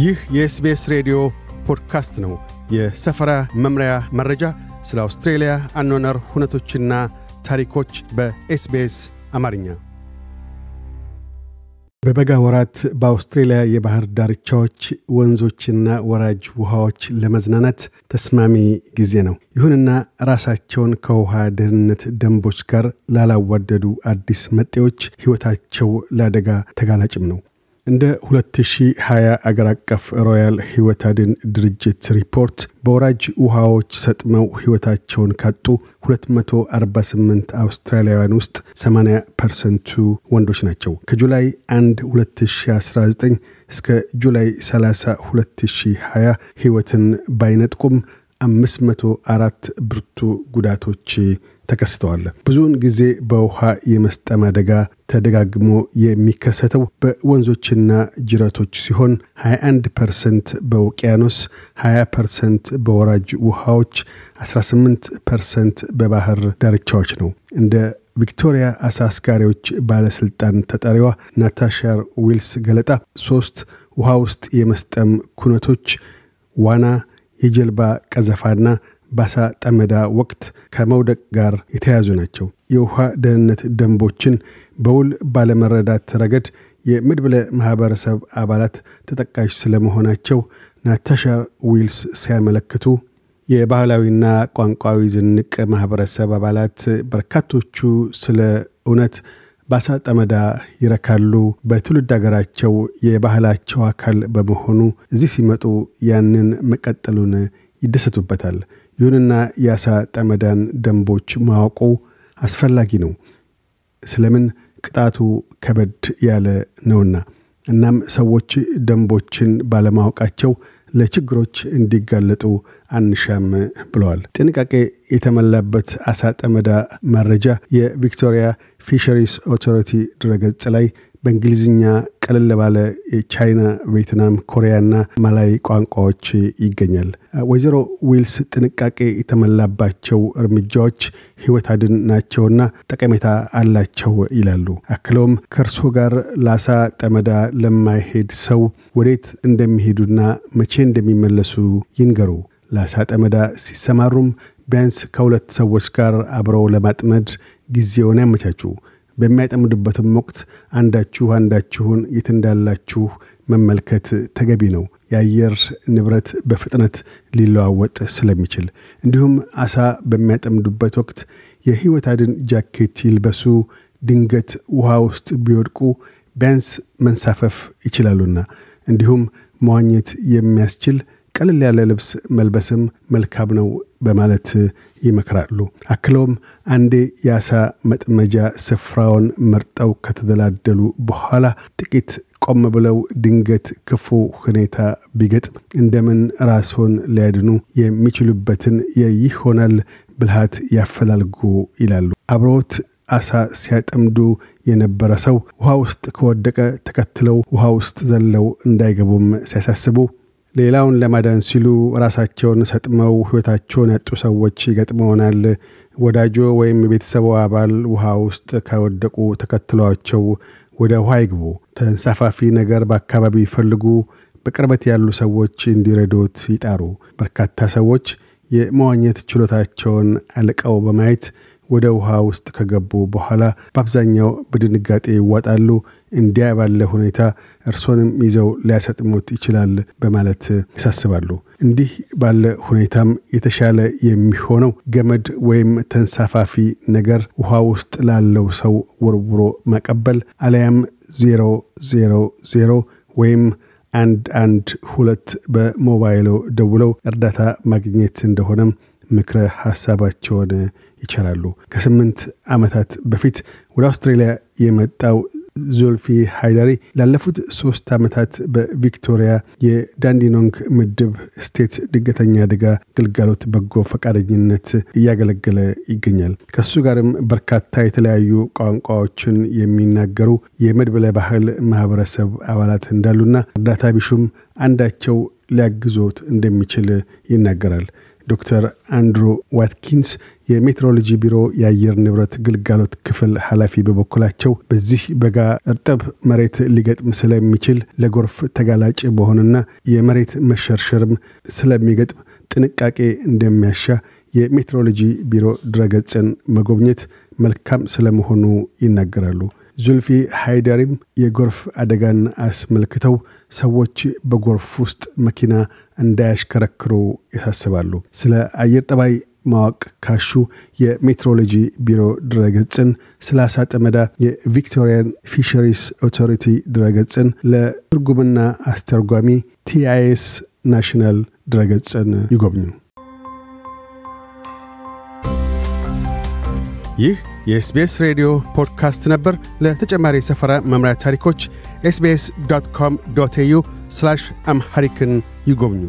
ይህ የኤስቤስ ሬዲዮ ፖድካስት ነው። የሰፈራ መምሪያ መረጃ፣ ስለ አውስትሬልያ አኗነር ሁነቶችና ታሪኮች በኤስቤስ አማርኛ። በበጋ ወራት በአውስትሬልያ የባህር ዳርቻዎች ወንዞችና ወራጅ ውሃዎች ለመዝናናት ተስማሚ ጊዜ ነው። ይሁንና ራሳቸውን ከውሃ ደህንነት ደንቦች ጋር ላላዋደዱ አዲስ መጤዎች ሕይወታቸው ለአደጋ ተጋላጭም ነው። እንደ 2020 አገር አቀፍ ሮያል ህይወት አድን ድርጅት ሪፖርት በወራጅ ውሃዎች ሰጥመው ህይወታቸውን ካጡ 248 አውስትራሊያውያን ውስጥ 80 ፐርሰንቱ ወንዶች ናቸው። ከጁላይ 1 2019 እስከ ጁላይ 30 2020 ህይወትን ባይነጥቁም 504 ብርቱ ጉዳቶች ተከስተዋል። ብዙውን ጊዜ በውሃ የመስጠም አደጋ ተደጋግሞ የሚከሰተው በወንዞችና ጅረቶች ሲሆን 21 ፐርሰንት በውቅያኖስ፣ 20 ፐርሰንት በወራጅ ውሃዎች፣ 18 ፐርሰንት በባህር ዳርቻዎች ነው። እንደ ቪክቶሪያ አሳ አስጋሪዎች ባለሥልጣን ተጠሪዋ ናታሻር ዊልስ ገለጣ ሦስት ውሃ ውስጥ የመስጠም ኩነቶች ዋና፣ የጀልባ ቀዘፋና ባሳ ጠመዳ ወቅት ከመውደቅ ጋር የተያያዙ ናቸው። የውሃ ደህንነት ደንቦችን በውል ባለመረዳት ረገድ የምድብለ ማኅበረሰብ አባላት ተጠቃሽ ስለመሆናቸው ናታሻ ዊልስ ሲያመለክቱ የባህላዊና ቋንቋዊ ዝንቅ ማኅበረሰብ አባላት በርካቶቹ ስለ እውነት ባሳ ጠመዳ ይረካሉ። በትውልድ አገራቸው የባህላቸው አካል በመሆኑ እዚህ ሲመጡ ያንን መቀጠሉን ይደሰቱበታል። ይሁንና የአሳ ጠመዳን ደንቦች ማወቁ አስፈላጊ ነው፣ ስለምን ቅጣቱ ከበድ ያለ ነውና። እናም ሰዎች ደንቦችን ባለማወቃቸው ለችግሮች እንዲጋለጡ አንሻም ብለዋል። ጥንቃቄ የተሞላበት አሳ ጠመዳ መረጃ የቪክቶሪያ ፊሸሪስ ኦቶሪቲ ድረገጽ ላይ በእንግሊዝኛ ቀለል ባለ የቻይና፣ ቬትናም፣ ኮሪያና ማላይ ቋንቋዎች ይገኛል። ወይዘሮ ዊልስ ጥንቃቄ የተሞላባቸው እርምጃዎች ህይወት አድን ናቸውና ጠቀሜታ አላቸው ይላሉ። አክለውም ከእርሶ ጋር ላሳ ጠመዳ ለማይሄድ ሰው ወዴት እንደሚሄዱና መቼ እንደሚመለሱ ይንገሩ። ላሳ ጠመዳ ሲሰማሩም ቢያንስ ከሁለት ሰዎች ጋር አብረው ለማጥመድ ጊዜውን ያመቻቹ። በሚያጠምዱበትም ወቅት አንዳችሁ አንዳችሁን የት እንዳላችሁ መመልከት ተገቢ ነው። የአየር ንብረት በፍጥነት ሊለዋወጥ ስለሚችል፣ እንዲሁም አሳ በሚያጠምዱበት ወቅት የህይወት አድን ጃኬት ይልበሱ። ድንገት ውሃ ውስጥ ቢወድቁ ቢያንስ መንሳፈፍ ይችላሉና እንዲሁም መዋኘት የሚያስችል ቀለል ያለ ልብስ መልበስም መልካም ነው በማለት ይመክራሉ። አክለውም አንዴ የአሳ መጥመጃ ስፍራውን መርጠው ከተደላደሉ በኋላ ጥቂት ቆም ብለው ድንገት ክፉ ሁኔታ ቢገጥም እንደምን ራስዎን ሊያድኑ የሚችሉበትን የይሆናል ብልሃት ያፈላልጉ ይላሉ። አብረውት አሳ ሲያጠምዱ የነበረ ሰው ውሃ ውስጥ ከወደቀ ተከትለው ውሃ ውስጥ ዘለው እንዳይገቡም ሲያሳስቡ ሌላውን ለማዳን ሲሉ ራሳቸውን ሰጥመው ሕይወታቸውን ያጡ ሰዎች ይገጥመውናል። ወዳጆ ወይም የቤተሰቡ አባል ውሃ ውስጥ ከወደቁ ተከትሏቸው ወደ ውሃ ይግቡ። ተንሳፋፊ ነገር በአካባቢ ይፈልጉ። በቅርበት ያሉ ሰዎች እንዲረዶት ይጣሩ። በርካታ ሰዎች የመዋኘት ችሎታቸውን አልቀው በማየት ወደ ውሃ ውስጥ ከገቡ በኋላ በአብዛኛው በድንጋጤ ይዋጣሉ። እንዲያ ባለ ሁኔታ እርሶንም ይዘው ሊያሰጥሙት ይችላል በማለት ያሳስባሉ። እንዲህ ባለ ሁኔታም የተሻለ የሚሆነው ገመድ ወይም ተንሳፋፊ ነገር ውሃ ውስጥ ላለው ሰው ወርውሮ መቀበል አለያም ዜሮ ዜሮ ዜሮ ወይም አንድ አንድ ሁለት በሞባይሎ ደውለው እርዳታ ማግኘት እንደሆነም ምክረ ሀሳባቸውን ይቻላሉ። ከስምንት ዓመታት በፊት ወደ አውስትራሊያ የመጣው ዞልፊ ሃይዳሪ ላለፉት ሶስት ዓመታት በቪክቶሪያ የዳንዲኖንግ ምድብ ስቴት ድገተኛ አደጋ ግልጋሎት በጎ ፈቃደኝነት እያገለገለ ይገኛል። ከሱ ጋርም በርካታ የተለያዩ ቋንቋዎችን የሚናገሩ የመድበለ ባህል ማህበረሰብ አባላት እንዳሉና እርዳታ ቢሹም አንዳቸው ሊያግዞት እንደሚችል ይናገራል። ዶክተር አንድሮ ዋትኪንስ የሜትሮሎጂ ቢሮ የአየር ንብረት ግልጋሎት ክፍል ኃላፊ በበኩላቸው በዚህ በጋ እርጥብ መሬት ሊገጥም ስለሚችል ለጎርፍ ተጋላጭ በሆንና የመሬት መሸርሸርም ስለሚገጥም ጥንቃቄ እንደሚያሻ የሜትሮሎጂ ቢሮ ድረገጽን መጎብኘት መልካም ስለመሆኑ ይናገራሉ። ዙልፊ ሃይደሪም የጎርፍ አደጋን አስመልክተው ሰዎች በጎርፍ ውስጥ መኪና እንዳያሽከረክሩ ያሳስባሉ። ስለ አየር ጠባይ ማወቅ ካሹ የሜትሮሎጂ ቢሮ ድረገጽን፣ ስላሳ ጠመዳ የቪክቶሪያን ፊሸሪስ ኦቶሪቲ ድረገጽን፣ ለትርጉምና አስተርጓሚ ቲአይኤስ ናሽናል ድረገጽን ይጎብኙ። ይህ የኤስቤስ ሬዲዮ ፖድካስት ነበር። ለተጨማሪ የሰፈራ መምሪያ ታሪኮች ኤስቤስ ዶት ኮም ዶት ኤዩ አምሐሪክን ይጎብኙ።